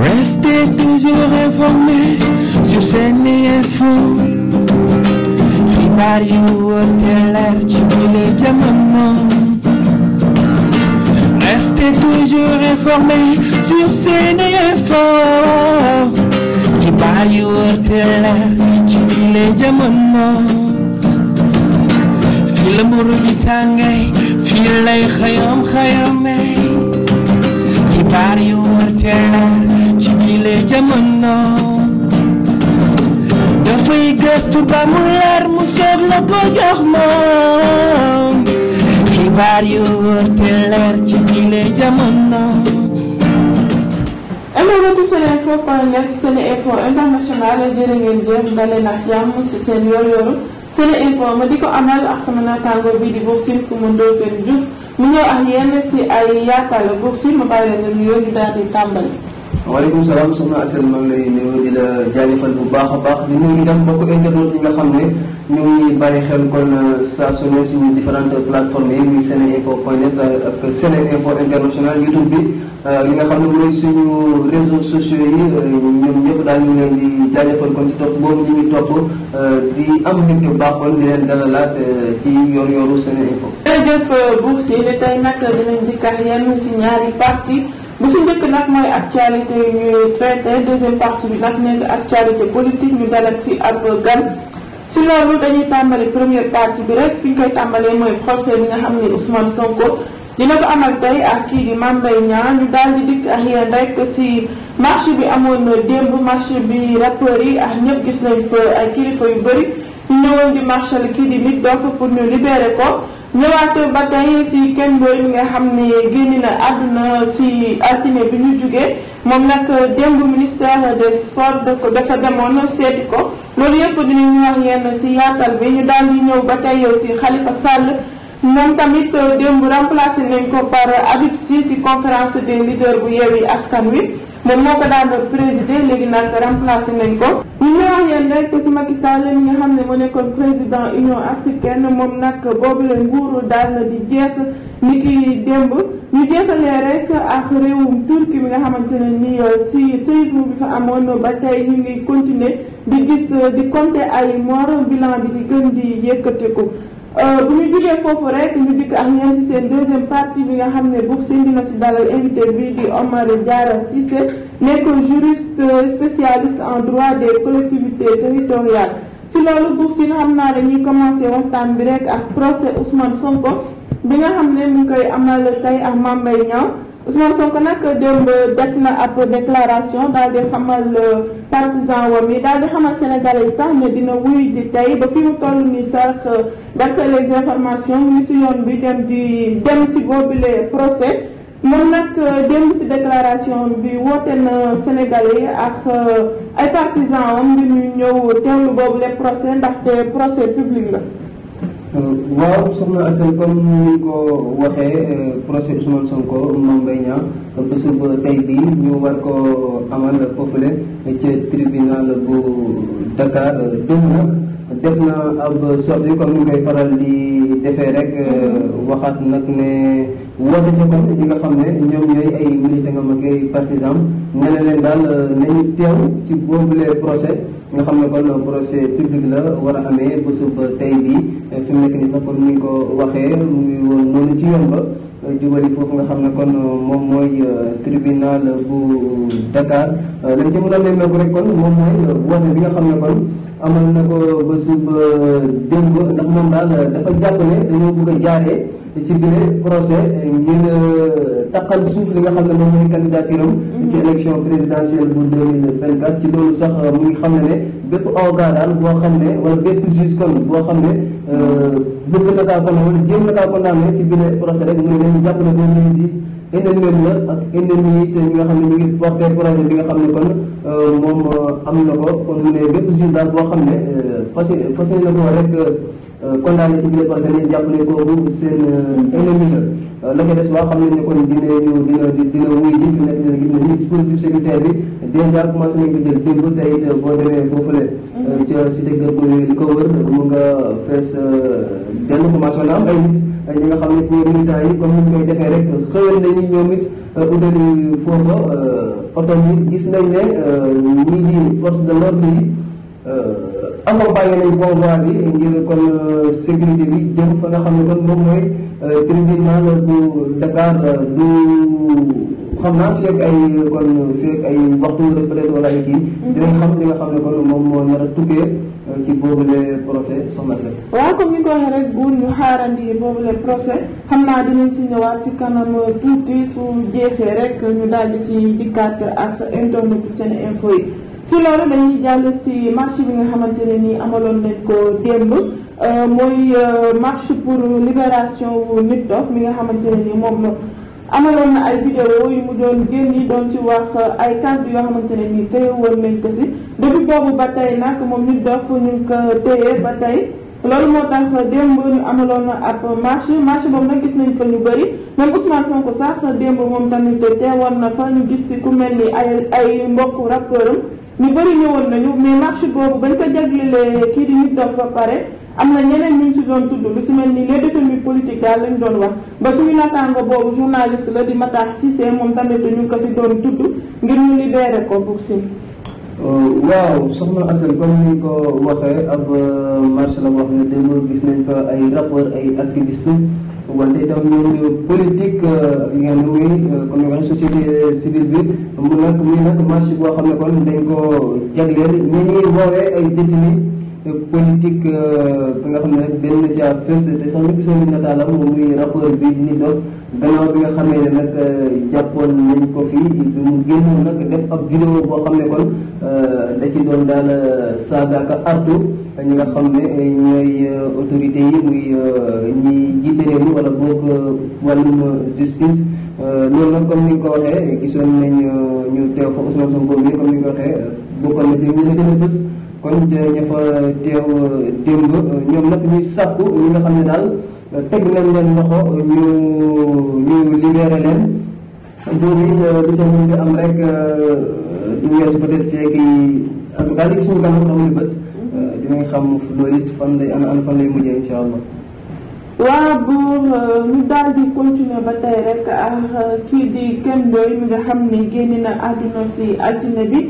Restez toujours informés sur SeneInfo. xibaar yu wóote leer ci bile jamono. Restez toujours informés sur SeneInfo. xibaar yu wóote leer ci bile jamono. fii la mburu bi tàngee fii lay doxale dafay gëstu ba mu leer mu soog la ko jox moom xibaar yu wër leer ci bile jamono amagatu SeneInfo point net SeneInfo international jërë ngeen jëf dalee nax jàmm ci seen yor-yoru SeneInfo ma di ko amal ak sama naataango bi di Bour Sine Coumba Ndoffène Diouf mu ñëw ak yenn ci ay yaatala Bour Sine ma bàyyi la nga nuyoo ñu daal di tàmbali waaleykum salaam a Asel maa ngi lay nuyu di la jaajëfal bu baax a baax di nuyu itam mbokki internautes yi nga xam ne ñu ngi bàyyi xel kon euh, saa su ne suñu différentes plateformes yi muy seneinfo point net euh, ak seneinfo international YouTube bi li euh, nga xam ne mooy suñu réseaux sociaux yi ñoom ñëpp daal ñu leen di jaajëfal kon ci topp boobu ñu ngi topp di am mbégte baax kon di leen ci yoor yooru seneinfo. bu si njëkk nag mooy actualité ñuy traité deuxième partie bi nag nekk actualité politique ñu dalal si ab gan si loolu dañuy tàmbali première partie bi rek fi ñu koy tàmbalee mooy procès bi nga xam ne Ousmane Sonko dina ko amal tey ak kii di Mame Mbaye Niang ñu daal di dikk ak yéen rek si marché bi amoon démb marché bi rappeurs yi ak ñëpp gis nañ fa ay kilifa yu bëri ñu ñëwoon di marché kii di nit dof pour ñu libéré ko. ñëwaat ba tey si Ken Boy mi nga xam ne génn na àdduna si altine bi ñu jugee moom nag démb ministère de sports dafa demoon seeti ko loolu yëpp dinañu wax yenn si yaatal bi ñu daal di ñëw ba tey si Khalifa Sall moom tamit démb remplacé nañ ko par Habib si si conférence de leaders bu Yewwi Askan Wi. moom moo ko daan présider léegi nag remplacé nañ ko. ñu ngi wax yéen rek si Macky Sall mi nga xam ne mu nekkoon président Union africaine moom nag boobu la nguuru daan na di jeex ni ki démb ñu jeexalee rek ak réewum Turquie mi nga xamante ne ni euh, si séisme bi fa amoon ba tey ñu ngi continuer di gis euh, di compter ay morts bilan bi di gën di yëkkatiku. Euh, bu ñu jógee foofu rek ñu dikk ak ñeen seen deuxième partie bi nga xam ne Bourse indi na ci dalal invité bi di Omar Diarra Cissé nekk juriste spécialiste en droit des collectivités territoriales ci loolu Bourse xam naa dañuy commencé waxtaan bi rek ak procès Ousmane Sonko bi nga xam ne mu ngi koy amal tey ak Mame Mbaye Niang Ousmane Sonko nag démb def na ab déclaration daal di xamal euh, partisan wam yi daal di xamal sénégalais yi sax ne dina wuy di tey ba fi mu toll nii sax euh, d'après les informations mu si yoon bi dem di dem si boobule procès moom nag euh, démb si déclaration bi woote na sénégalais yi ak ay partisan wam di ñu ñëw teewlu boobule procès ndaxte procès public la Euh, waaw soxna Assa comme ni ko waxee euh, procès Ousmane Sonko Mame Mbaye Niang euh, bés bu tey bii ñu war ko amal foofule ca tribunal bu Dakar dem def na ab sortie comme ni koy faral di defee rek euh, waxaat nag ne woote ca kon ñi nga xam ne ñoom ñooy ay militant nga mag ay partisan ne na leen daal euh, nañu teew ci boobule procès nga xam ne kon procès public la war a amee bésub tey bi fi mu nekk ni sax comme ni nga ko waxee mu ngi woon noonu ci yoon ba jubali foofu nga xam ne kon euh, moom mooy euh, tribunal bu Dakar lañ euh, ci mën a nemmeeku rek kon moom mooy woote bi nga xam ne kon amal na ko ba suba démb ndax moom daal dafa jàpp ne dañoo bëgg a jaaree ci biir procès ngir taqal suuf li nga xam ne moom mooy candidature am mm-hmm. ci élection présidentielle bu 2024 ci loolu sax euh, mu ngi xam ne ne bépp organe daal boo xam ne wala bépp juge kon boo xam ne euh, bëgg na kaa ko na wala jéem na kaa ci biir procès rek mu ne leen jàpp ne boobu lay juge ennemi la ak ennemi it ñi nga xam ne ñu ngi porté projet bi nga xam ne kon euh, moom am na ko kon ne bépp juge daal boo xam ne fas fas na ko rek condamné euh, ci biir parce que ñun jàpp ne kooku seen euh, ennemi la euh, la ko des waa xam nañ ne kon dina dina dina wuy ji fi nekk dina gis ne ni dispositif sécuritaire bi déjà commencé nañ ko jël démb tey it boo demee foofule mhm. ca cité kër li ko wër mu nga fees dell commencé na am ay nit ñi nga xam ne pour militants comme ni ñu defee rek xëyal nañu ñoom utali foofa oto yi gis nañ ne ñii di force de l'ordre yi encore bàyyi nañ convoi bi ngir kon euh, sécurité bi jëm fa nga xam ne kon moom mooy euh, tribunal bu Dakar du xam naa fi ak ay kon fi ak ay waxtu rek peut-être wala ay mhm. xam li nga xam ne kon moom moo nar a tukkee euh, ci boobule procès soxna Seck. waaw comme ni ko rek bu ñu xaarandi boobule procès xam naa dinañ si ñëwaat si kanam tuuti su jeexee rek ñu daal di si ak internet seen info si loolu dañuy jàll si marche bi nga xamante ne nii amaloon nañ ko démb euh, mooy euh, marche pour libération wu nit dof mi nga xamante ne nii moom amaloon na ay vidéo yu mu doon génn yi doon ci wax euh, ay kàddu yoo xamante ne nii téye woon nañ boobu ba tey nag moom nit dof ñu ngi ko téye ba tey loolu moo tax démb ñu amaloon ab marche marche moom nag gis nañ fa ñu bëri même Ousmane Sonko sax démb moom tamit teewoon na fa ñu gis si ku mel ni ay ay mbokku rappeuram ñu bëri ñëwoon nañu mais marché boobu bañ ko jaglelee kii di nit dox ba pare am na ñeneen ñu si doon tudd lu si mel ni les détenus politiques daal lañ doon wax ba suñu nattaango boobu journaliste la di Matar Cissé moom tamit ñu ko si doon tudd ngir ñu libéré ko pour si. Euh, waaw soxna Assane comme ni ko waxee ab euh, marché la boo xam ne démb gis nañ fa ay rappeurs ay activistes. wante itam ñun politique euh, ngeen wuy euh, comme ni société euh, civile bi mu nag muy nag marche boo xam ne kon dañ ko jagleel ñi ñuy woowee ay détenus politique bi euh, nga xam ne rek benn na ca fës te sax ñu gisoon ni nataalam muy rapport bi ni dof gannaaw bi nga xamee ne nag euh, jàppoon nañ ko fi bi mu génnoon nag def ab vidéo boo xam ne kon euh, da ci doon daal saaga ak artu nga xam ne ñooy yi muy ñi jiite réew mi wala loolu nag comme ni ko waxee gisoon nañ ñu teew fa Ousmane Sonko bi comme ni nga ko waxee bokkoon na ci ñu gën a fës kon ña fa teew démb ñoom nag ñuy sàkku ñi nga xam ne daal teg nañ leen loxo ñu ñu libéré leen jur yi euh, lu ca mën di am rek euh, du weesu euh, xam loolu it fan lay ana ana fan lay mujjee incha allah. waaw buur ñu daal di continuer ba tey rek ah, kii di Ken Ndoye mi nga xam ni génn na àdduna si altine bi.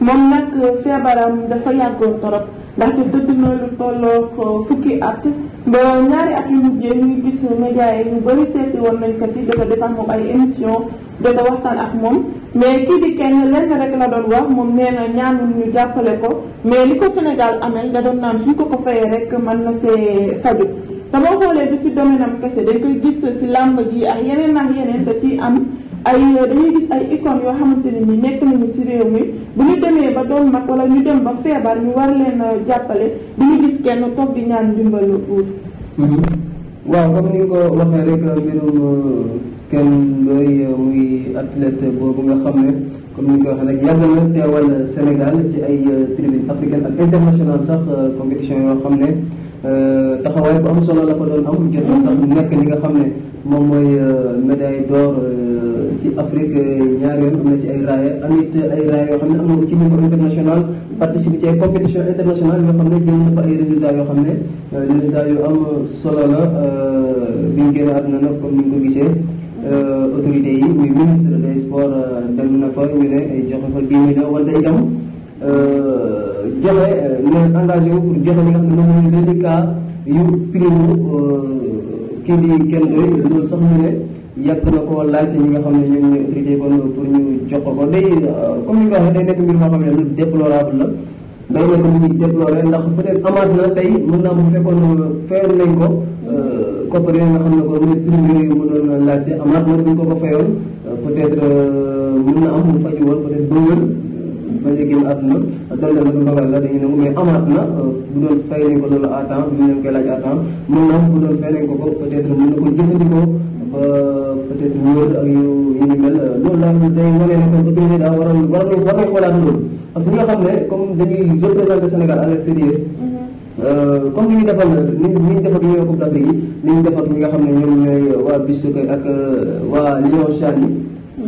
moom nag feebaram dafa yàggoon torop ndaxte dëdd na lu tolloo ko fukki at ba ñaari at yu mujjee ñu gis média yi ñu bëri seeti woon nañ ko si jot a def ak moom ay émission jot a waxtaan ak moom mais kii di kenn lenn rek la doon wax moom nee na ñaanul ñu jàppale ko mais li ko Sénégal amel da doon naan suñ ko ko fayee rek man na see faju te boo xoolee du si domaine am kese dañ koy gis si làmb ji ak yeneen ak yeneen da ci am ay dañuy gis ay icônes yoo xamante ne ni nekk nañu si réew mi bu ñu demee ba doon mag wala ñu dem ba feebar ñu war leen jàppale bu gis kenn toog di ñaan ndimbal buur mhm. waaw comme ni ko waxee rek mbirum euh, kenn looy muy athlète boobu nga xam ne comme ni nga ko waxee rek yàgg na teewal Sénégal ci ay euh, tribune africaine ak international sax euh, compétition yoo xam ne taxawaay bu am solo la fa doon am jot na sax nekk li nga xam ne moom mooy médaille d'or ci Afrique ñaar yoon am na ci ay raaya amit ay raaya yoo xam ne am na ko ci niveau international participer ci ay compétition internationale yoo xam ne jël na fa yoo euh, solo la euh, bi ñu génn àdduna nag ni ko gisee euh, autorités yi muy ministre des na fa ñu ne joxe fa génn na wala itam joxe ne pour joxe li nga xam ne moom mooy yu primo kii di kenn doy loolu sax mu ne yàgg na ko laajte ñi nga xam ne ñoom ñooy autorité kon pour ñu jox ko day euh, comme ni nga waxee day nekk mbir moo xam ne lu déplorable la day ndax bu fekkoon fayoon nañ ko euh, koppar ne ko mu prix yooyu mu doon laajte amaat na bu ñu ko ko fayoon euh, am mu faju woon peut-être ba wër ba ñu génn àdduna doon na lu dogal la dañu nangu mais amaat na bu doon fay nañ ko loolu à temps bu ñu leen koy laaj à temps mën na am bu doon fay nañ ko peut-être mën na ko jëfandikoo peut-être wóor ak yu yu ni mel loolu daal day wane ne comme autorité daa waroon war nañ war nañ xoolaat loolu parce que ñoo xam ne comme dañuy représenté Sénégal à l'extérieur comme ni ñu defal ni ñu def ak ñooy Coupe d'Afrique yi ni ñu def ak ñi nga xam ne ñoom ñooy waa Bissouka ak waa Lion Chan yi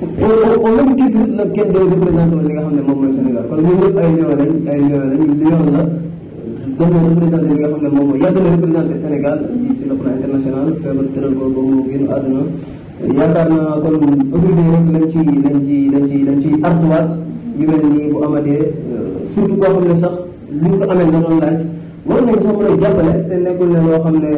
au même titre la kenn day représenté li nga xam ne moom mooy Sénégal kon ñun ñëpp ay Lion lañ ay Lion lañ Lion la doon na représenté li nga xam ne moom mooy yàgg na représenté Sénégal ci sur le plan international feebar tëral ko ba mu génn àdduna yaakaar naa kon autorité rek lañ ci lañ ci lañ ci lañ ciy artuwaat yu mel nii bu amatee euh, surtout koo xam ne sax li ñu ko amee la doon laaj war nañ sax mën a jàppale te nekkul ne loo xam ne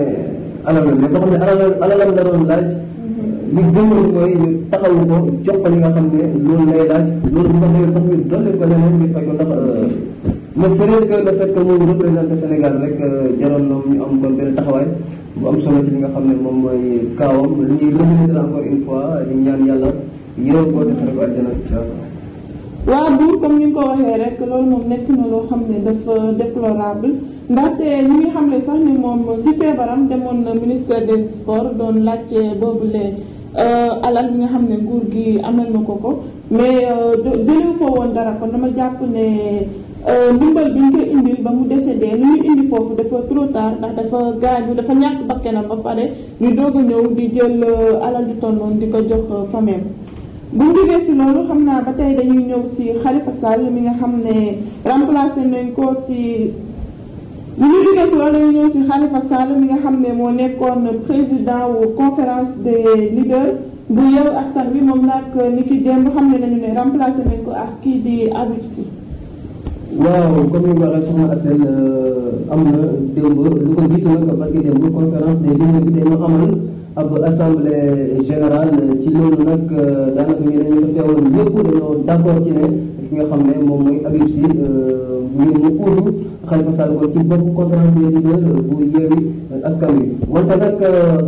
alal la mais boo xam ne alal alalam la doon laaj mm-hmm. li gënoon mooy ñu taxawu ko jox ko li nga xam ne loolu lay laaj loolu bu ko xëyoon sax ñu dolli ko leneen ngir faj ko euh, ne serait-ce que le fait que moom représenté Sénégal rek euh, jaroon na ñu am kon benn taxawaay bu am solo ci li nga xam ne moom mooy kaawam lu ñuy revenir encore une fois di ñaan yàlla yërëm ko defaree ko àjjana incha allah. buur comme ni nga ko waxee rek loolu moom nekk na loo xam ne dafa déplorable ndaxte ñu ngi xam ne sax ni moom si feebaram demoon na ministère des sports doon laajte boobule euh, alal bi nga xam ne nguur gi amal na ko ko mais jëlee euh, foo woon dara kon dama jàpp ne. Euh, ndimbal bi ñu indi ba mu décédé lu ñu indi foofu dafa trop tard ndax dafa gaañu dafa ñàkk bakkanam ba pare ñu doog a ñëw di jël euh, alal ju toll moom di ko jox euh, famille bu ñu jógee si loolu xam naa ba tey dañuy ñëw si Khalifa mi nga xam ne remplacé nañ ko si bu ñu jógee si ñëw si Khalifa Sall mi nga xam ne moo nekkoon président wu conférence des leaders bu Yewwi Askan Wi moom nag ni ki démb xam ne nañu ne remplacé nañ ko ak kii di Habib Sy waaw comme ni nga sama euh, am na démb lu ko jiitu nag barki démb conférence des leaders bi dañoo amal ab assemblée générale ci loolu nag euh, daanaka ñu dañu fa teewoon yëpp dañoo d'accord ci ne nga xam ne moom mooy Habib Sy euh, ngir mu uutu Khalifa Sall ko ci bopp conférence des leaders bu Yewwi Askan Wi wante nag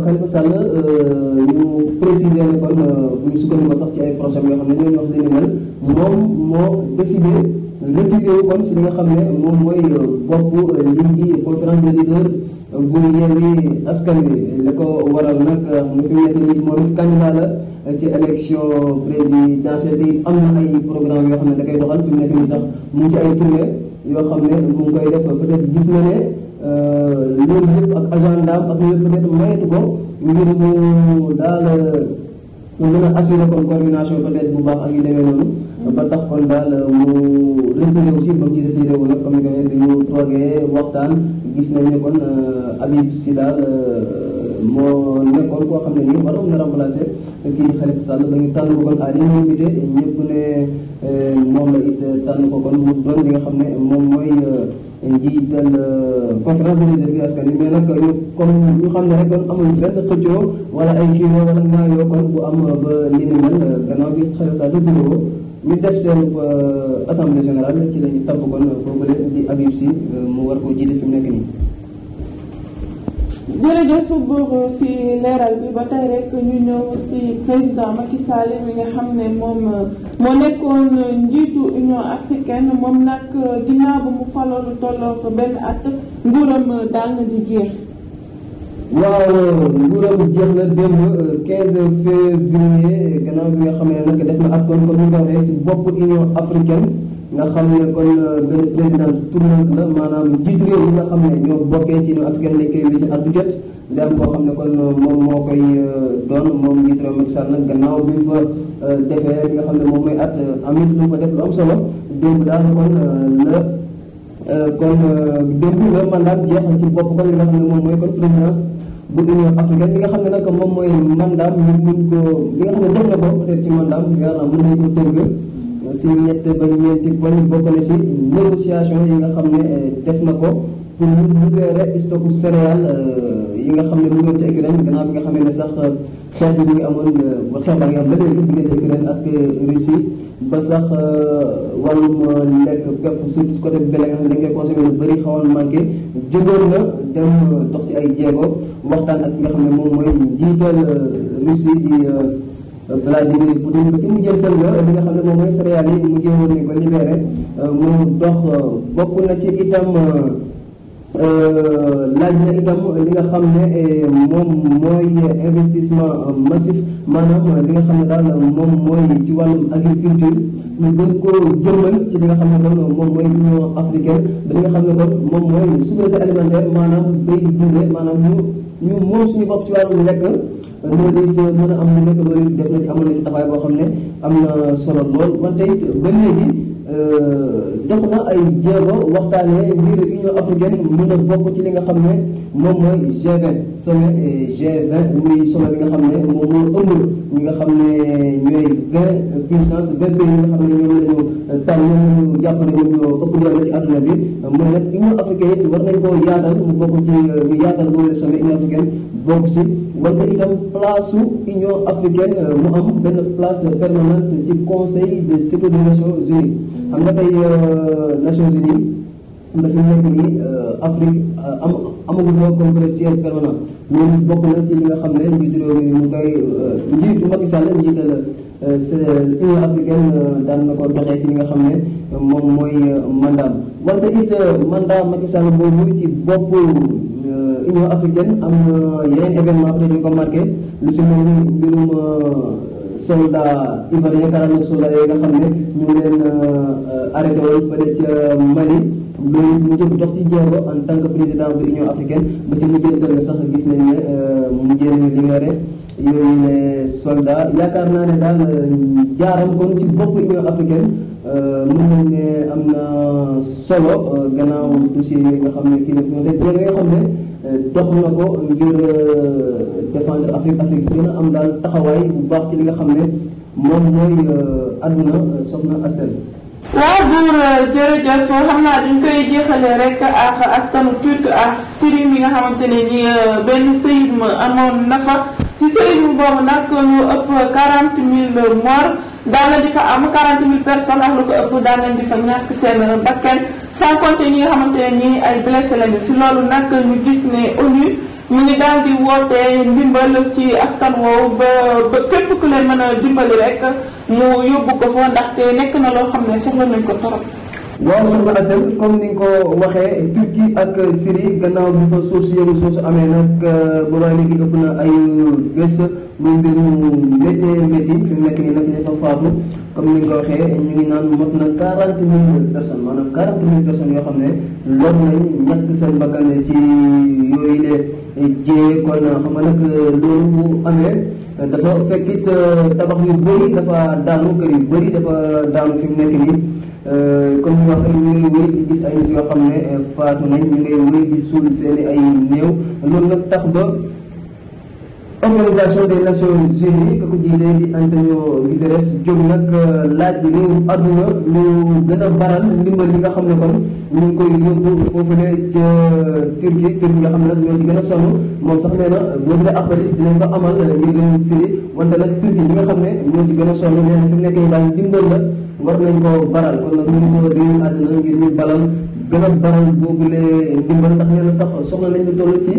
Khalifa Sall ñu préciser ne kon bu ñu sukkandikoo sax ci ay projet yoo xam ne ñooy wax li moom moo décidé nga tuddee kon si li xam ne moom mooy euh, bopp lim euh, bi conférence des leaders euh, bu Yewwi Askan Wi la ko waral nag mu fi nekk nii moom candidat la ci élection présidentielle bi am na ay programme yoo xam ne da koy doxal fi mu nekk sax mu ci ay tournée yoo xam ne mu ngi def peut-être gis na ne ak agenda am ak yooyu peut ko ngir daal. pour mën a kon coordination peut bu baax ak yu demee noonu. ba tax kon daal mu retiré aussi ba mu ci retiré wu nag comme ko waxee bi ñu toogee waxtaan gis nañ ne kon euh, Habib si daal euh, moo nekkoon koo xam ne nii waroon a remplacer kii di Khalifa Sall ba ñu tànn ko kon à l'unanimité ñëpp ne euh, moom la it tànn ko kon mu doon li nga xam ne moom mooy. njiital euh, conférence des leaders bi askan wi mais nag ñu comme ñu xam ne rek kon amul benn xëccoo wala ay xiiroo wala ngaayoo kon am ba li ni mel euh, gannaaw bi Khalifa Sall retiré ko ñu def seen euh, ci la ñu tabb kon boobule di Habib Sy mu war koo jiite fi mu nekk jërëjëf Gour si leeral bi ba tey rek ñu ñëw si président Macky Sall mi nga xam ne moom moo nekkoon njiitu Union africaine moom nag ginnaaw bu mu faloo lu tolloo fa benn at nguuram daal na di jeex. waaw nguuram jeex na démb 15 février gannaaw bi nga xam ne nag def na accord comme mu nga waxee ci bopp Union africaine nga xam ne kon benn présidence tournante la maanaam jiitu réew yi nga xam ne ñoo bokkee ci Union africaine nekkee wi ci at bu jot da xam ne kon moom moo koy euh, doon moom njiitu réew Macky Sall nag gannaaw bi fa euh, defee nga xam ne moom mooy at amit lu fa def lu am solo démb daal kon euh, la Euh, kon euh, démb la mandat jeex na ci bopp kon li nga xam moom mooy kon présidence bu union africaine li nga xam ne nag moom mooy mandat ñu mun ko li nga xam ne def na ko peut-être ci mandat yaakaar mën nañu ko tënk si ñett ba ñeenti poñ bokk na si négociation yi nga xam ne euh, def na ko. pour ñu libérer stocku euh, yi nga xam ne mu ngeen ci Ukraine gannaaw bi nga xam ne sax euh, xeex bi mu ngi amoon ba xeex baa ngi am ba ba sax euh, wàllum lekk pepp surtout côté bele nga xam ne dañ koy consommé lu bëri xawoon manqué jógoon na dem dox ci ay jéego ak nga xam ne moom mooy njiital Russie di Vladimir Poutine ba ci mujjantal nga li nga xam ne moom mooy céréales yi mujjee woon ni ba libéré mu dox bokk na ci itam Euh, laaj na itam li nga xam ne eh, moom mooy investissement massif maanaam li nga xam ne daal moom mooy ci wàllum agriculture ñu gën koo jëmmal ci li nga xam ne kon moom mooy Union africaine ba li nga xam ne kon moom mooy souveraineté alimentaire maanaam bay dundee maanaam ñu ñu moom suñu bopp ci wàllum lekk loolu it mën a am lu nekk loolu def na ci amal na ci boo xam ne am na solo lool wante it ba léegi euh, ay jéego waxtaanee ngir Union africaine mën a ci li nga xam ne moom mooy G20 sommet G20 muy sommet bi nga xam ne moom moo ëmb ñi nga xam ne ñooy vingt puissance vingt pays yi nga xam ne ñoom la ñu tànn ñoom ñu jàpp ne ñoom ñoo ëpp doole ci àdduna bi mu ne nag Union africaine it war nañ koo yaatal mu bokk ci ñu yaatal boobu sommet Union africaine bokk si wante itam place su Union africaine euh, mu am benn place permanente ci conseil de sécurité des nations unies xam nga tey euh, nations unies dafa nekk nii euh, Afrique am amagu fa comme que siège permanent loolu bokk na ci li nga xam ne njiitu réew mi mu koy njiitu Macky Sall njiital Union africaine daan na ko doxee ci li nga xam ne moom mooy mandat wante it mandat Macky boobu ci bopp. Union africaine am euh, yeneen événement peut-être ko marqué lu si mel ni mbirum euh, soldat ivoirien 49 soldat yooyu nga xam ne ñu ngi leen euh, arrêté woon fële ca Mali loolu mu jóg dox ci jéego en tant que président bu Union africaine ba ci mujjantal sax gis nañ ne mu jéem yooyu les soldats yaakaar naa ne daal euh, jaaram kon ci bopp Union africaine euh, mën nañ ne am na solo euh, gannaaw dossier yooyu nga xam ne kii la xam ne dox na ko ngir défendre Afrique Afrique gën a am daal taxawaay bu baax ci li nga xam ne moom mooy àdduna soxna Astel. waaw buur jërëjëf xam naa dañ koy jeexale rek ak askanu turc ak Syrie mi nga xamante ne ni benn séisme amoon na ci sëriñ boobu nag lu ëpp 40 000 morts daan di fa am 40 000 personnes ak lu ko ëpp daan nañ di fa ñàkk seen bakkan sans compter ñi nga xamante ne nii ay blessé lañu si loolu nag ñu gis ne ONU mu ngi daal di woote ndimbal ci askan woowu ba ba képp ku leen mën a dimbali rek mu yóbbu ko fa ndaxte nekk na loo xam ne soxla nañ ko torop waaw soxna Asel comme ni nga ko waxee Turquie ak Syrie gannaaw bi fa suuf si yëngu suuf si amee nag euh, boobaa léegi ëpp na ay bés muy mbir mu méttee métti fi mu nekk nii nag dafa faatu comme ni nga ko waxee ñu ngi naan mot na quarante mille personnes maanaam quarante mille personnes yoo xam ne lool nañ ñàkk seen bakkan ci yooyu ne jiyee kon xam nag loolu bu amee. Euh, dafa fekkit euh, tabax yu bëri dafa daanu kër yu bëri dafa daanu fi mu nekk nii euh, comme gis ay nit yoo xam ne faatu nañ ñu ngay wéy di suul seen ay néew loolu nag tax ba organisation des nations unies ka ko jiite di Antonio Guterres jóg nag euh, laaj réewu àdduna lu gën a baral ndimbal yi nga xam ne kon ñu ngi koy yóbbu foofule ca euh, Turquie Turquie nga xam a sonn moom sax nee na boobu la appel dinañ ko amal ngir réewu Syrie wante nag Turquie ñi nga xam ne ñoo ci gën a sonn nee fi mu nekkee daal ndimbal la war nañ koo baral kon nag ngi ko réewu àdduna ngir ñu balal gën a baral boobule ndimbal ndax nee sax soxla nañ lu ci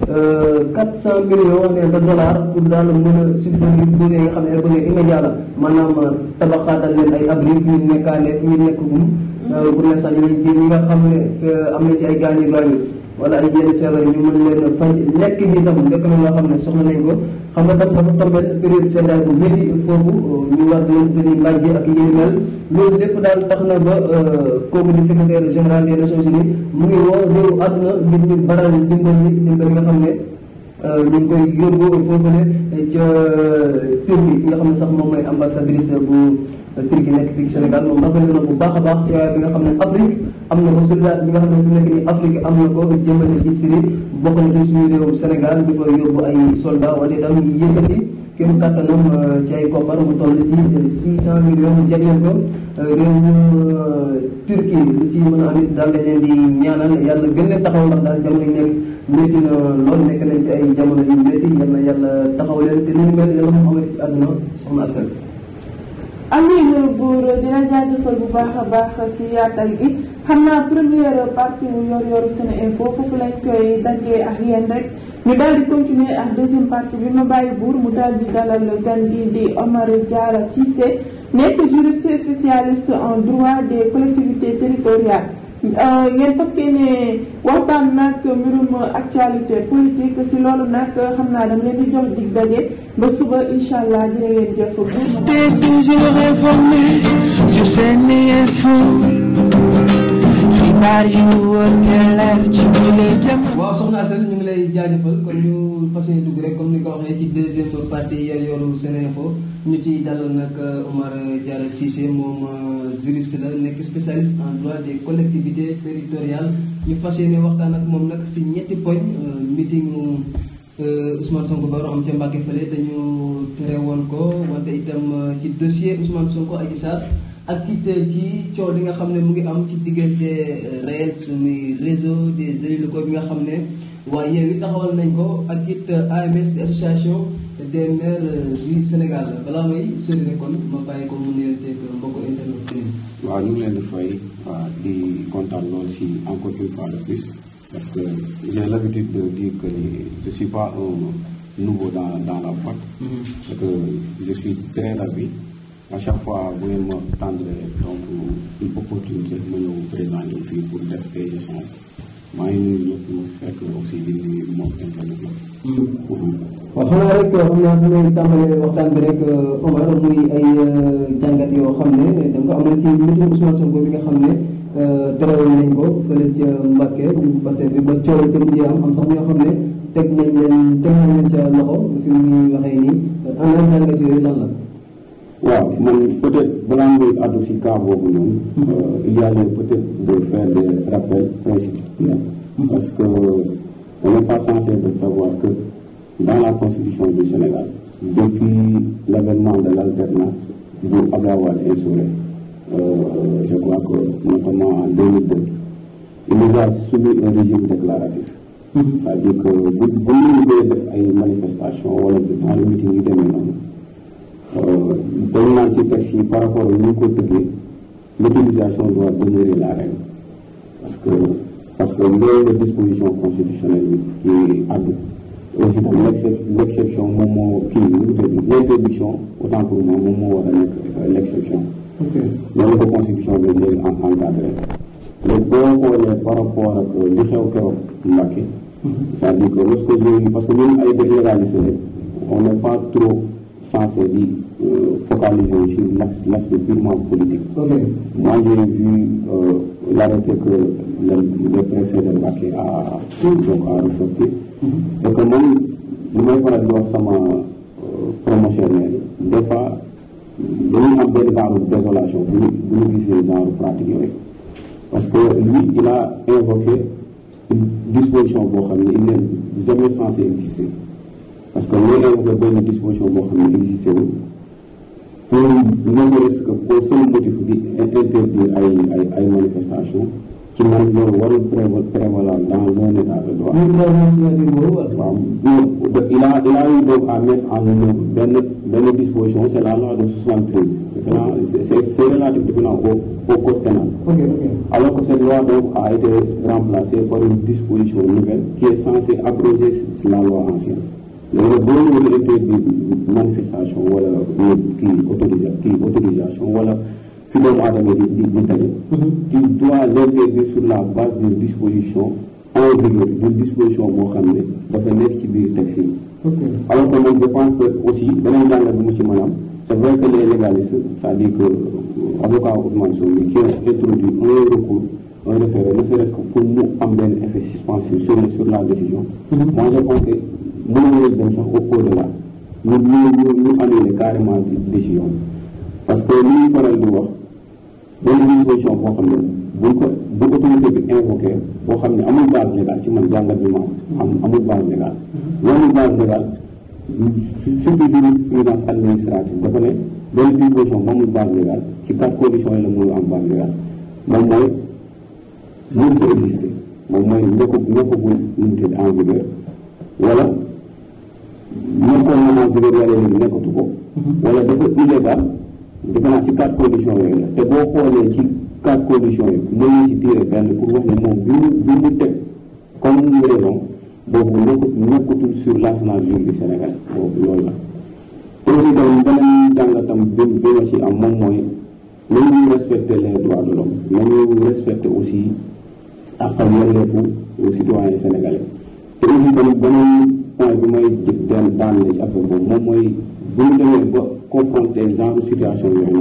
quatre cent millions de dollars pour daal mën a subvenir besoin yi nga xam ne besoin a la maanaam euh, tabaxaatal leen ay abri fu ñu nekkaale fu ñu nekk gum mm-hmm. euh, pour l'instant ñi nga xam ne euh, am na ci ay gaañu gaañu wala ay yenn feebar yi ñu mën leen a faj lekk gi tam nekk na loo xam ne soxla nañ ko xam nga tam dafa tombeel période seddaay bu métti foofu ñu war di tenir bàjji ak yéen mel loolu lépp daal tax na ba euh, kooku di secrétaire général des nations unies mu ngi woo réewu àdduna ngir baral dimbal yi dimbal nga xam ne Euh, ñu ngi koy yóbbu foofule eh, ca euh, Turquie bi nga xam ne sax moom mooy ambassadrice bu euh, Turquie nekk fii Sénégal moom rafetlu na bu baax a baax bi nga xam ne Afrique am na ko solidarité bi nga xam a fi nekk nii Afrique am na ko jëmale ci Syrie bokk na ci suñu réewum Sénégal ñu koy yóbbu ay soldats wala itam yëkkati. kéem kattanam ci ay koppar mu toll ci six cent millions mu jagleel ko réew Turquie lu ci mën a am it daal dañ leen di yàlla gën leen taxaw ndax daal jamono nekk métti lool nekk nañ ci ay jamono yu métti yàlla yàlla taxaw leen te li ñu mel yàlla mu amati ci àdduna soxna Asel. Amina Bourou dina jaajëfal bu baax a baax si yaatal gi xam naa première partie wu yor-yoru Sene Info foofu lañ koy daggee ak yéen rek. ñu daal di continuer ak deuxième partie bi ma bàyyi buur mu daal di dalal gan gi di Omar Diarra Cissé nekk juriste spécialiste en droit des collectivités territoriales euh, ngeen fas yéene waxtaan nag mbirum actualité politique si loolu nag xam naa dama leen di jox di daje ba suba incha allah jërë ngeen jëf. Restez toujours informés sur Seneinfo. xibaar yu wóor te leer ci bile jëm. waaw soxna Asel ñu ngi lay jaajëfal kon ñu fas yéene dugg rek comme ni ko waxee ci deuxième partie yor ñu ci dalal nag euh, Oumar Diarra Cissé moom euh, juriste la nekk spécialiste en droit des collectivités territoriales ñu fas yéene waxtaan ak moom nag si ñetti poñ euh, meeting Ousmane Sonko ba am ca Mbàkke fële te tere woon ko wante itam ci dossier Ousmane Sonko Adji Sarr. ak it ci coow li nga xam ne mu ngi am ci diggante euh, réel suñuy réseau des élus locaux bi nga xam ne waaye Yewwi taxawal nañ ko ak it euh, AMS di association des maires euh, du Sénégal balaa may sori rek kon ko mu nuyante internet seen waaw ñu ngi leen di fay di kontaan lool si encore une fois de plus parce que j'ai l'habitude de dire que je suis pas un nouveau dans dans la boîte. Mm-hmm. parce que je suis très ravi. à chaque fois bu ngeen ma tendre donc une opportunité pour def des échanges maa ngi nuyu ñëpp fekk aussi di nuyu moom internet waaw xanaa rek xam naa fi may tàmbalee waxtaan bi rek euh, Omar muy ay euh, jàngat yoo xam ne da nga ko amal ci meeting Ousmane Sonko bi nga xam ne euh, terewoon nañ ko fële ca Mbacke parce que ba coow ca mujjee am sax ñoo xam ne teg nañ leen teg nañ leen ca loxo fi muy waxee nii ana jàngat yooyu lan la waaw man peut être balaa ngay àddu si cas boobu noonu. Euh, il a peut être de faire des rappels principaux. Mm-hmm. parce que on n'est pas censé de savoir que dans la constitution du Sénégal depuis l'avènement de l'alternance bu Abdoulaye Wade euh, je crois que notamment en 2002 il nous a soumis un régime déclaratif mm-hmm. c'est-à-dire que bu bu ñu def ay manifestation wala du temps yu meeting yu dañ naan ci par rapport ak ko tëggee l'utilisation doit demeurer la règle parce que parce que loolu la disposition constitutionnelle bi kii àddu aussi tam l' exception moom moo kii l' interdiction autant pour moi moom moo war a nekk l' exception loolu ko constitution bi mooy encadré léegi boo xoolee par rapport ak li xew keroog Mbàkke mhm. c'est-à-dire que lorsque parce que ñun ay délégalistes lañ on n'est pas trop changé li euh, focalisé aussi l'aspect purement politique. Okay. Moi j'ai vu euh, l'arrêté que le, le préfet de Mbacké a donc a ressorti mm-hmm. et que man li may faral di wax sama euh, promotionnaire des fois dañuy am benn genre désolation bu ñu bu ñu gisee genre pratique yooyu parce a invoqué une disposition boo xam ne il n'est jamais parce que loolu lay wax benn disposition boo xam ne existé wul pour ne serait seul motif bi interdire ay ay manifestation ci man loolu warul prévaloir dans un état de droit. il a il a eu donc en œuvre benn disposition c' la loi de 73. c' est c' est relatif defe code pénal. alors que cette loi donc a été remplacée par une disposition nouvelle qui est censée abroger la loi ancienne. léegi boo ñëwee interdit manifestation wala kii autorisa kii autorisation wala fi doomu aadama di di di daje. Mhm. tu dois l'interdire sur la base d'une disposition en vigueur d'une disposition boo xam ne dafa nekk ci biir texte yi. alors que man je pense que aussi beneen jàngat bu mu ci maanaam c'est vrai que les légalistes c'est-à-dire que euh, avocat Ousmane Sonko qui ont introduit un recours un référé ne serait que pour mu am benn effet suspensif sur la décision. Mhm. moi je mënuñoo dem sax au au delà ñu ñu ñu annulé carrément décision parce que li ñuy faral di wax dañu am position boo xam ne buñ ko bu autorité bi invoqué boo xam ne amul base légale ci man jàngat bi ma amul base légale. Mm-hmm. loolu amul base légale ci quatre conditions la mënul am base légale moom mooy mënut a exister moom mooy nekkagul nekkagul unité en vigueur wala. nekkoon na naa jigéen wala léegi nekkatu ko mhm. wala dafa illégal defe naa ci quatre conditions yooyu la te boo xoolee ci quatre conditions yi mën na ci tirer benn pour wax ne moom bi mu bi mu teg comme raison boobu nekku nekkatul sur l'arsenal juridique sénégalais boobu loolu la aussi tam beneen jàngatam bi bi ma ci am moom mooy nañuy respecter les droits de l'homme nañuy respecter aussi ak xam yelleefu citoyen sénégalais te aussi tam beneen point bi mooy jëg daan daan la ci moom mooy bu ñu demee ba confronté genre situation yooyu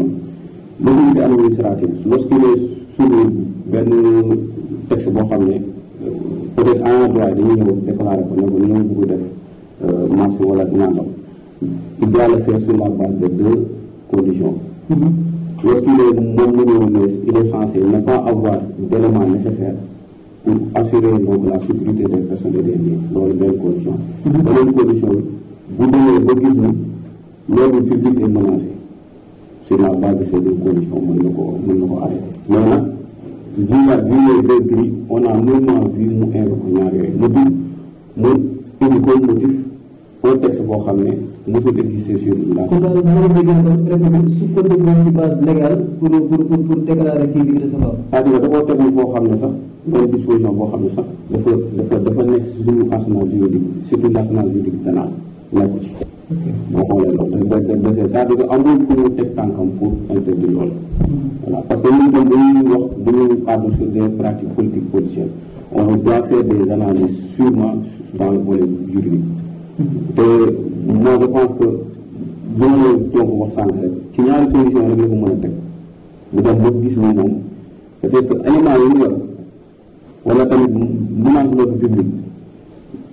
noonu l'autorité administrative lorsqu'il est soumis benn texte boo xam ne euh, peut-être en droit def euh, marché wala nangam il doit le faire sur de deux conditions mm-hmm. lorsqu'il est moom mu ñëw il est avoir d'éléments nécessaires pour assurer donc la sécurité des personnes et des loolu benn condition beneen condition bu demee ba gis ni l'ordre public est menacé sur la base de ces deux conditions mën ko mën na ko arrêté mais nag vu la vu les deux a nullement vu mu invoqué ñaar yooyu mu dugg mu indi comme motif un texte boo xam ne réseaux existent là. kon daal maa ngi dégg kon préfet bi sukkandiku da koo tegoon foo xam ne sax. benn disposition boo xam ne sax dafa dafa dafa nekk si suñu arsenal juridique surtout l'arsenal juridique pénal nekku ci. boo xoolee loolu dañ koy dese c'est-à-dire que amul fu ñu teg tànkam pour interdire loolu. Hmm. parce que ñun tam dañuy wax dañuy àddu sur des pratiques politiques politiciennes on doit faire des analyses sûrement dans le volet juridique. te moi je pense que bu ñu toog wax sànq ci ñaari condition rek la ko mën a teg bu dem ba gis ni moom peut-être aliment yi mu yor wala tamit menace d'ordre public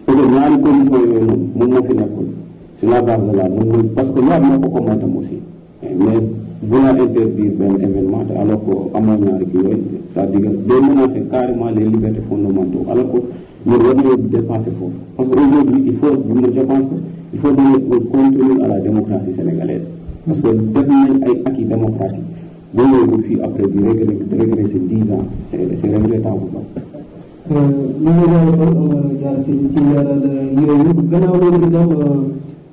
peut-être ñaari condition yooyu noonu moom moo fi nekkul sur la base de la moom parce que ñaar moo ko ko may tam aussi mais interdire benn événement te alors que amoon ñaari kii yooyu c'est-à-dire day menacer carrément les libertés fondamentaux alors ñun war nañoo dépasser foofu parce que aujourd'hui il faut je pense que il faut donner un contenu à la démocratie après di régresser dix ans c'est regrettable quoi. Euh, ñu ngi doon euh, euh, jaar si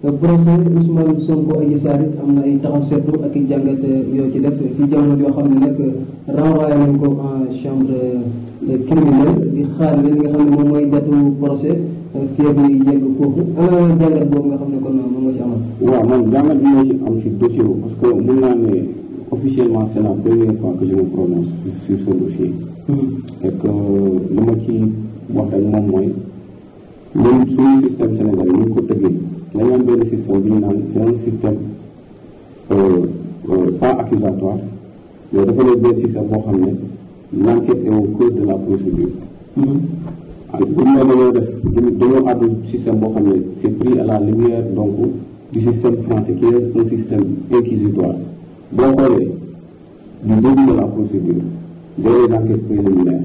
Euh, procès Ousmane Sonko Adji Sarr it am na ay taxaw seetlu ak i jàngat euh, yoo ci def ci jamono yoo xam ne nag euh, renvoyé nañ ko en chambre criminelle di xaar li nga xam ne moom mooy datu procès fii ak yegg foofu ana jàngat boobu nga xam ne kon moom nga ci amal. waaw man jàngat ci am ci dossier boobu parce que mën naa ne officiellement c'est la première fois que je me prononce sur ce dossier. Hmm. et que li ma ci wax rek moom mooy ñun suñu système sénégalais ñu ngi ko tëggee. dañu am benn système bi ñu naan c'est un système euh, euh, pas accusatoire mais dafa nekk benn système boo xam ne l'enquête est au cœur de la procédure ah bu ñu dañoo def dañoo àddu système boo xam ne c'est pris à la lumière donc du système français qui un système inquisitoire boo xoolee du début de la procédure dès les enquêtes préliminaires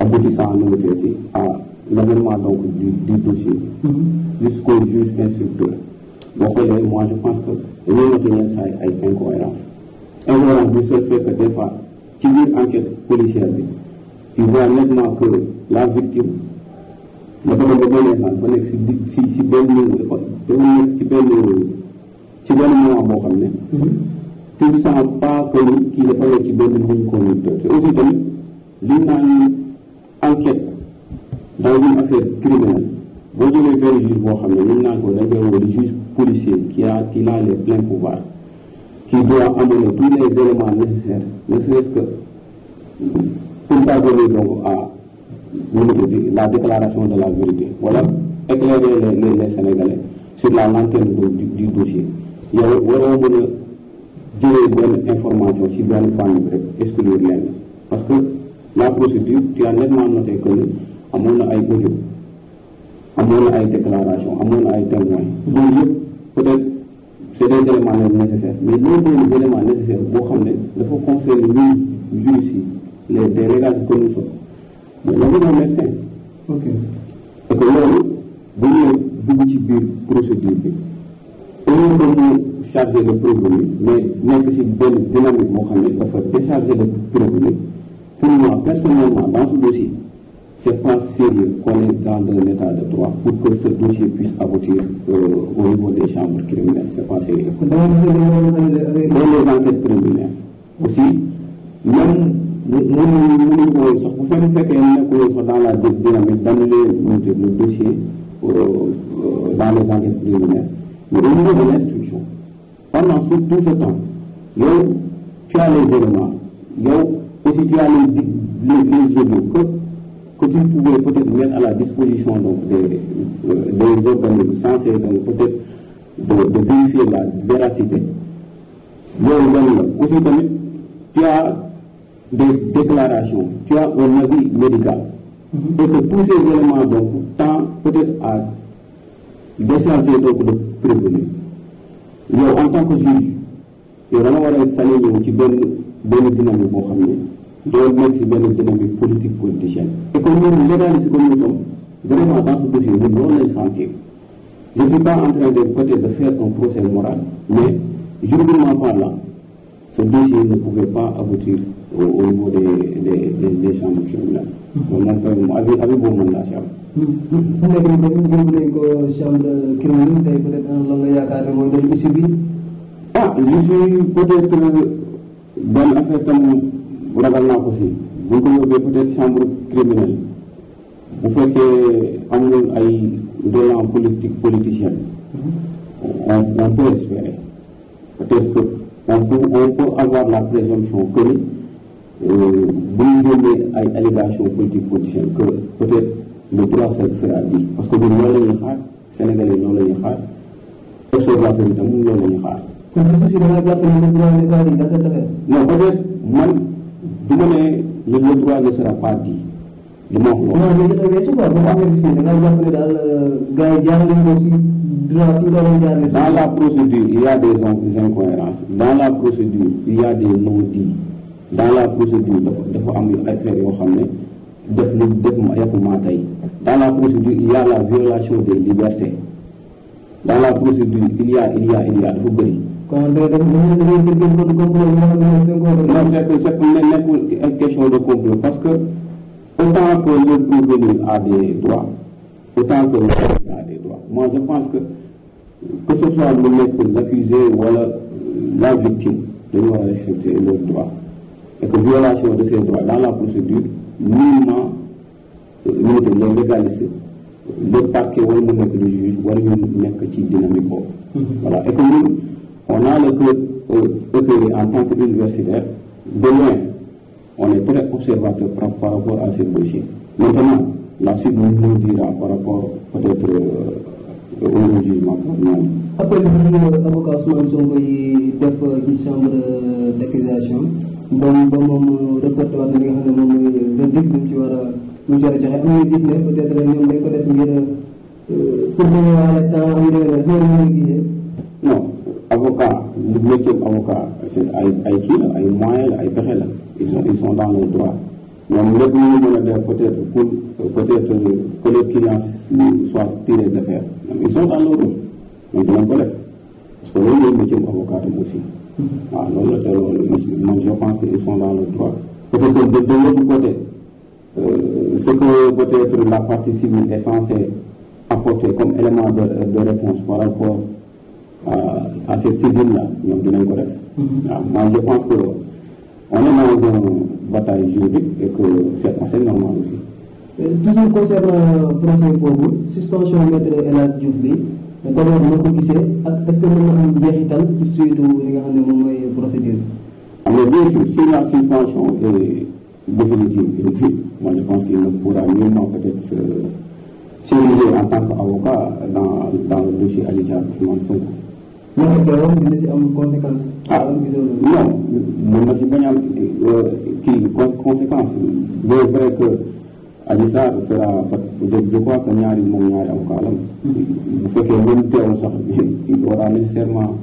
aboutissant en à l'amendement donc du, du dossier mm-hmm. jusqu'au juge instructeur boo xoolee moi je pense que dañoo nekk yenn saa ay incohérence incohérence du seul fait que des ci biir enquête policière bi tu vois nettement que la victime dafa dem ba benn instant ba nekk si benn ci benn boo xam ne mm-hmm. tu ne pas que ni dafa nekk ci benn ligne conducteur aussi tamit li naan enquête daawuñu affaire criminelle boo jëlee benn juge boo xam ne ñun naa ko dañ koy woo le juge policier qui a qui a les pleins pouvoirs qui doit amener tous les éléments nécessaires ne serait-ce que pour parvenir donc à la déclaration de la vérité wala éclairer les les les sur la lanterne du du dossier yow waroo mën a jëlee benn information ci benn fànn rek exclure leen parce que la procédure tu as nettement noté que amoon na ay audio amoon na ay déclaration amoon na ay témoin loolu yëpp peut-être c'est des éléments nécessaires mais loolu mooy des éléments boo xam ne dafa concerner ñun juristes yi les des réglages que nous sommes mais la nga médecin ok et que loolu bu dugg ci biir procédure bi au lieu que mu charger mais nekk si benn dynamique moo xam ne dafa décharger le prévenu pour moi personnellement dans ce dossier c'est pas sérieux qu'on est dans un état de droit pour aboutir euh, au niveau des chambres criminelles c'est pas sérieux. dans les enquêtes préliminaires. aussi même mu mu mu mu sax bu fekkee nekkul sax dans la dynamique d'annuler le dossier euh, euh, dans les enquêtes préliminaires mais au niveau de l'instruction pendant tout ce temps yow tu as les éléments yow aussi tu as les les les audios que. que vous pouvez peut-être mettre à la disposition donc, des, euh, des organismes censés donc, peut-être de, vérifier la véracité. loolu benn la aussi tamit tu as des déclarations tu as un médical. Mm-hmm. et que tous ces éléments donc tendent peut-être à décharger donc le prévenu. yow en tant que juge yow da nga war a sañ ci benn benn dynamique boo xam ne. doon nekk si benn dynamique politique politicienne et comme ñun légaliste comme nous sommes vraiment dans ce dossier ñun loolu lañ sentir je ne suis pas en train de peut-être de faire un procès moral mais juridiquement parlant ce dossier ne pouvait pas aboutir au, au niveau des des des, des chambres criminelles. kon nag moom avec avec boobu moom laa si am. bu nekkee ni comme yóbbu nañ ko chambre criminelle tey peut-être lan nga yaakaar ne mooy doon ussi bu ragal naa ko si bu ñu ko yóbbee peut-être chambre criminelle bu fekkee amul ay doléances politique politicienne mm-hmm. on on peut peut-être que on peut avoir la présomption que euh, bu ñu yóbbee ay allégations politique politicienne que peut-être le droit sera dit parce que ñun loolu la ñuy xaar Sénégalais loolu la ñuy xaar observateur itam loolu la ñuy xaar. si si da nga le droit n'est pas dit dans cette affaire. non peut-être man. du ma ne le le droit ne sera pas dit li nga daal euh, gars yi jaar nañ ko ci droit fi nga doon la procédure il de a des incohérences dans la procédure il y a des non la procédure dafa am ay affaires yoo xam ne def lu def ma maa tey dans la procédure il a la violation des libertés dans la procédure il y a dafa bëri. kon da nga def da ngeen déggee kon complot bi nga xam ne Sonko non c'est que c'est que nekkul une question de complot parce que autant que le prévenu a des droits autant que le prévenu a des droits moi je pense que que ce soit mu nekk l'accusé wala la victime dañu war a respecter leurs droits et que violation de ces droits dans la procédure nullement limité les légaliser le parquet wala mu nekk le juge wala ñu nekk ci dynamique boobu voilà et que ñun on a le cœur euh, éclairé en tant qu'universitaire. De loin, on est très observateur par, rapport à ces dossiers. Maintenant, la suite nous, dira par rapport peut-être euh, au jugement provenant. Après le avocat Ousmane def ci euh, chambre euh, d'accusation ba ba moom reporté li nga xam ne moom mooy verdict mu ci war a a joxe am na gis ne peut-être ñoom dañ ko def ngir pour que waa temps yu demee noonu si avocat lu métier avocat c'est ay ay kii la ay moyen la ay pexe la ils sont ils sont dans leurs droits ñoom lépp lu ñu mën a def peut-être pour peut-être que les clients soient tirés d'affaire ils sont dans leur rôle ñoom dinañ ko def parce que loolu mooy métier avocat tam aussi mm-hmm. waaw loolu la te loolu moom je pense que ils sont dans leur droit peut-être de l'autre côté euh, ce que peut-être la partie civile est censée apporter comme élément de de réponse par rapport a à cette saisine-là, ñoom dinañ mm-hmm. je pense que on est dans une bataille juridique et que c'est assez normal aussi. Euh, toujours concernant euh, procès boobu suspension maître El Hadj Diouf bi d'abord moo ko gisee ak est-ce que mën na am njeexital li nga xam ne moom mooy procédure bi. Ah, mais bien si la suspension est définitive définitive moi je pense qu'il ne pourra nullement peut-être se s'ériger en tant qu'avocat dans dans le dossier Adji Sarr Ousmane Sonko. ñàkk teewoon dina si am conséquence. ah non mën na si bañ a am euh, kii conséquence il est vrai que Adji Sarr sera je je crois que ñaari moom ñaari avocat la bu fekkee même teewul sax il aura nécessairement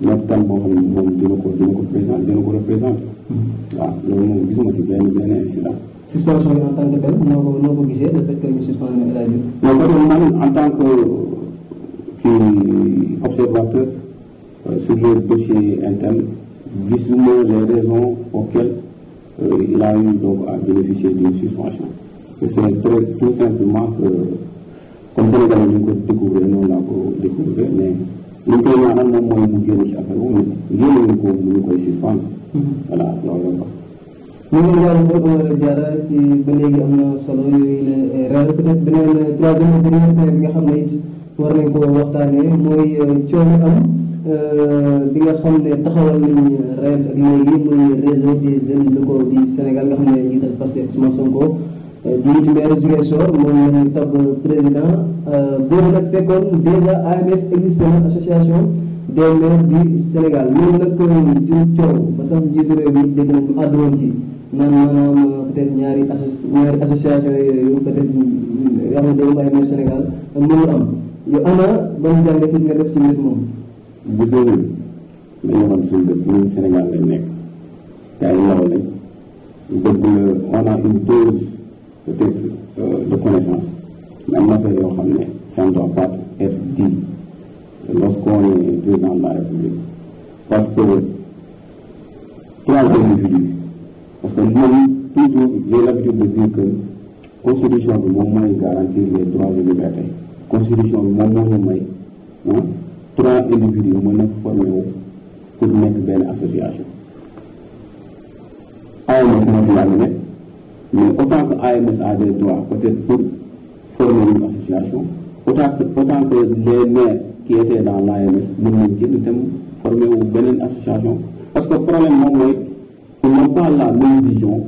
nekk kan boo xam ne moom dina ko dina ko présenter dina ko représenter. Mm-hmm. waaw loolu moom gisuma ci benn benn incident. suspension bi en tant que tel noo ko noo ko gisee le fait que ñu suspendre El Hadji. non parce que man en tant que euh, kii observateur. Euh, sur le dossier interne, visiblement les raisons auxquelles euh, il a eu donc à bénéficier d'une suspension. Et c'est très tout simplement que comme Sénégal ñu ngi ko découvrir noonu laa ko découvrir mais li ñu koy ñaanal moom mooy mu génn ci affaire boobu yéen ñu ko ñu koy suspendre. Mm-hmm. voilà loolu la ñu ngi jaar boobu jaara euh, ci ba léegi am na solo yooyu la réer peut-être beneen troisième dernier bi nga xam ne it war nañ ko waxtaanee mooy coono am. Euh, bi nga xam ne taxawal nañu REES ak léegi muy réseau des jeunes locaux du Sénégal nga xam ne ñu def Pastef Ousmane Sonko euh, di ci meeru Ziguinchor moom lañu tab président euh, boobu nag fekkoon déjà AMS existe na association des maires du Sénégal loolu nag jur coow ba sax njiitu réew mi dégg nañu àddu woon ci naan maanaam peut ñaari asso ñaari association yooyu peut-être yoo xam ne dañu bàyyi mooy Sénégal am yow ana ba ñu jàngatee nga def ci mbir moom bu déwén dañu mën suñu dëkk ñun Sénégal lañ nekk te ay ndaw lañ dëgg la a une dose peut-être euh, de connaissance mais am na yoo xam ne ça ne doit pas être dit lorsqu'on est président de la République parce que trois individus parce que moom toujours j'ai l'habitude de dire que constitution bi moom mooy garantir les droits et constitution bi moom moo may ah trois individus mën na formé pour nekk benn association AMS moo fi yàgg nekk mais autant que AMS a des droits peut-être pour former association autant que autant que les maires qui étaient dans l'AMS mën nañ génn dem formé wu beneen association parce que problème moom mooy ils n'ont pas la vision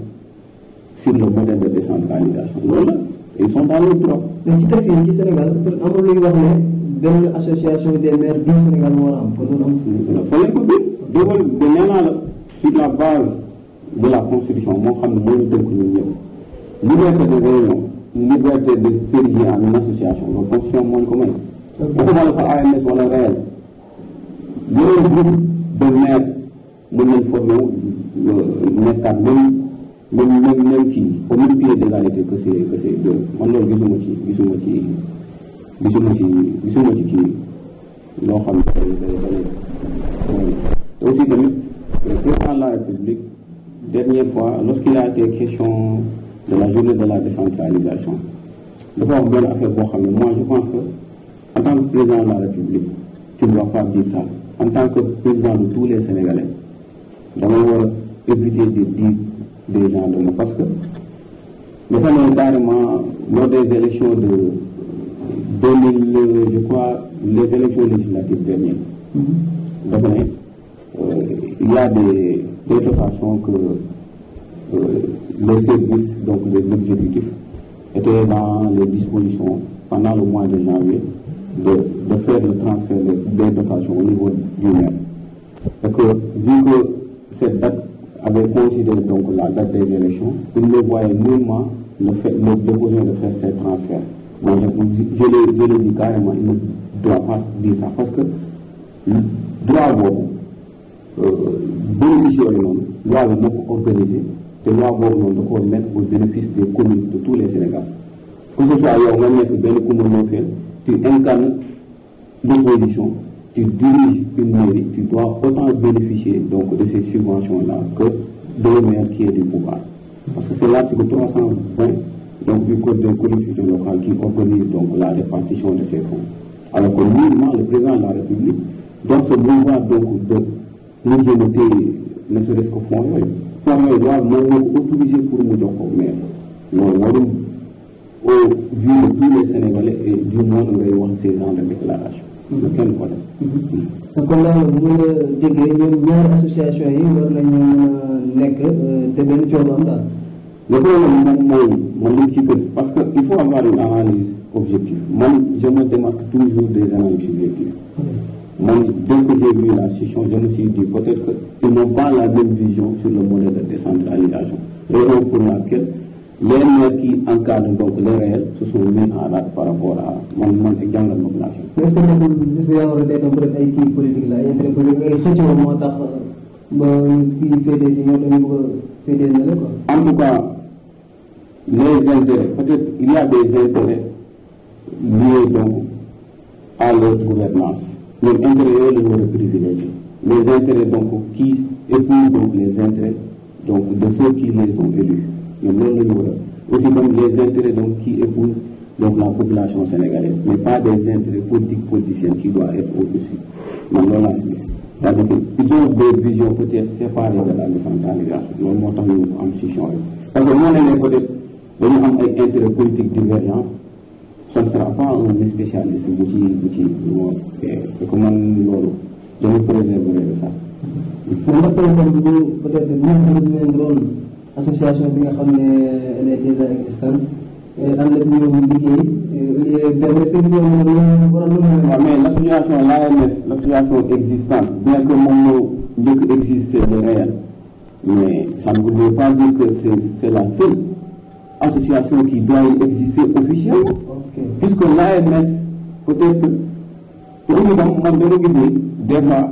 sur le modèle de décentralisation loolu la ils sont dans le droit mais ci tax ci Sénégal amul lu ñu wax ne benn association des maires Sénégal moo war a am kon fa lañ ko biir dogal de nee la sur la base de la constitution moo xam ne moo ñu tënk ñun ñëpp liberté de réunion liberté de s'ériger en une association loolu constitution moo ñu ko may waxuma la sax AMS wala réel yeneen groupe de maire mën nañ formé euh, nekkaat même même même même kii au même pied d'égalité que c'est que man loolu gisuma ci gisuma ci gisuma ci gisuma ci kii loo xam ne day day day te la été question de la journée de la décentralisation dafa wax benn affaire boo xam ne moi je pense que en tant que président la République tu ne dire ça en tant que président de tous les Sénégalais dama war a de dire de mots parce que dafa ne carrément lors des élections de 2000 je crois les élections législatives dernières. Mhm. dafa ne euh, il y a des d'autres façons que euh, les services donc les exécutifs étaient dans les dispositions pendant le mois de janvier de de faire le transfert des au niveau du maire et que vu que cette date avait considéré donc la date des élections il ne voyait nullement le fait le besoin de faire ces transferts Moi, je, je, le, je, le, dis carrément, il ne dire ça parce que droit boobu euh, bénéfice yooyu noonu loi bi moo ko te loi boobu noonu da koo mettre au bénéfice des communes de tous les Sénégal que ce soit yow nga nekk benn commune noo feen tu incarnes l'opposition tu diriges une mairie tu dois autant bénéficier donc de ces subventions là que de maire qui est du pouvoir parce que c'est l'article 320 donc du code des collectivités locales qui organise donc la répartition de ces fonds. Alors que nullement le président de la République doit se mouvoir donc de l'ingénuité ne serait-ce que fonds yooyu fonds yooyu waaw moom moo ko pour mu jox ko mais loolu warul au vu de tous les Sénégalais du monde ngay wax ces genres de déclaration lu kenn ko def mm-hmm. kon daal bu déggee ñoom ñaari association yi war nañu nekk euh, te benn coono am daal le problème moom mooy man parce que il faut avoir une analyse objective man je me démarque toujours des analyses subjectives man la situation peut-être que n'ont pas la même vision sur le modèle de décentralisation raison pour laquelle les maires qui encadrent donc les réels se sont mis en rade par à man man ak jàngal ma place yi. est-ce que nekkul bis yaa a tey donc la politique ay xëccoo moo tax euh, ba kii féetee a la quoi. en tout cas. les intérêts, peut-être il y a des intérêts liés donc à leur gouvernance. Les intérêts les leur privilégiés. Les intérêts donc qui épousent donc les intérêts donc de ceux qui les ont élus. Mais aussi comme les intérêts donc qui épousent donc la population sénégalaise, mais pas des intérêts politiques politiciens qui doivent être au-dessus. Non, non, la Suisse. C'est-à-dire qu'ils ont peut-être séparées de la décentralisation. Non, moi, dañu am ay intérêt politique divergence ce ne sera pas un spécialiste bu ci bu ci man loolu dama préserver de ça pour nga préserver bu peut bi nga xam ne elle est déjà existante euh, ànd ak ñoom liggéey euh, permet seen yoon existante bien que moom moo njëkk exister le réel mais ça ne veut pas dire que c'est la seule association qui doit exister officiellement. puisque l'AMS peut-être président man dana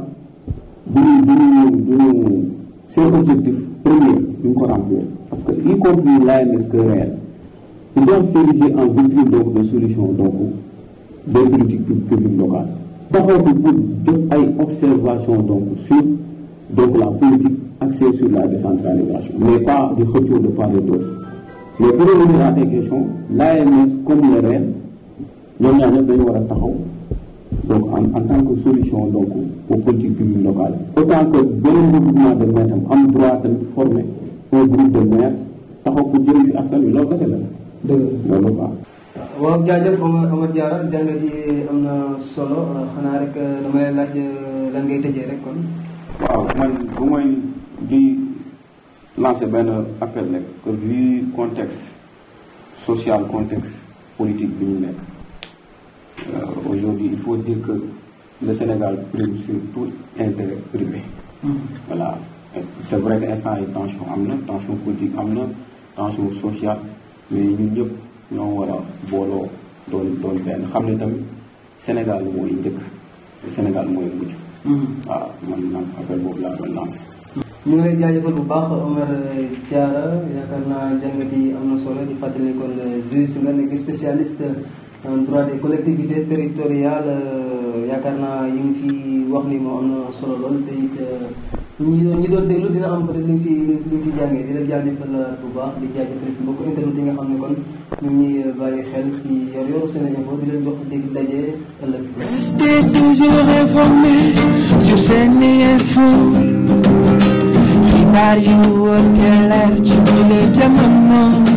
gis ne des objectif premier du parce que y compris l'AMS que réel ils doivent s'ériger en vitrine donc de solution donc des politiques publiques locales taxaw pour jox ay observation donc sur donc la politique axée sur la décentralisation mais pas du xëccoo de part d'autre mais pour revenir à tes comme le REEN ñoom ñaar dañu war a taxaw donc en tant que solution donc aux politiques publiques locales autant que beneen regroupement de maires am droit tamit former un groupe de maires taxaw pour jëriñ fi askan wi loolu kese la dëgg solo euh, xanaa rek euh, dama lay laaj euh, lan ngay tëjee rek kon waaw man bu may lancé benn appel nekk que vu contexte social contexte politique bi ñu nekk euh, aujourd'hui il faut dire que le Sénégal prime sur tout intérêt privé mmh. voilà c' est vrai que instant yi tension am na tension politique am na tension sociale mais ñun ñëpp ñoo war booloo doon doon benn xam ne tamit Sénégal mooy njëkk Sénégal mooy mujj mmh. waaw man man appel boobu laa doon ñu ngi lay jaajëfal bu baax Omar Diarra yaakaar naa jàngat yi am na solo di fàttali kon juriste nga nekk spécialiste en droit des collectivités territoriales. yaakaar naa yi mu fi wax ni moo am na solo lool te it euh, ñi doon ñi doon déglu dina am peut-être si luñ si jàngee di la jaajëfal bu baax di jaajëfal fi mbokk internet yi nga xam ne kon ñu ngi bàyyi xel ci yor yoru seen info jox dégg daje ëllëg. Restez toujours informés sur seen info xibaar yu wóor te leer ci bile jamono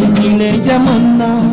ci biir jamono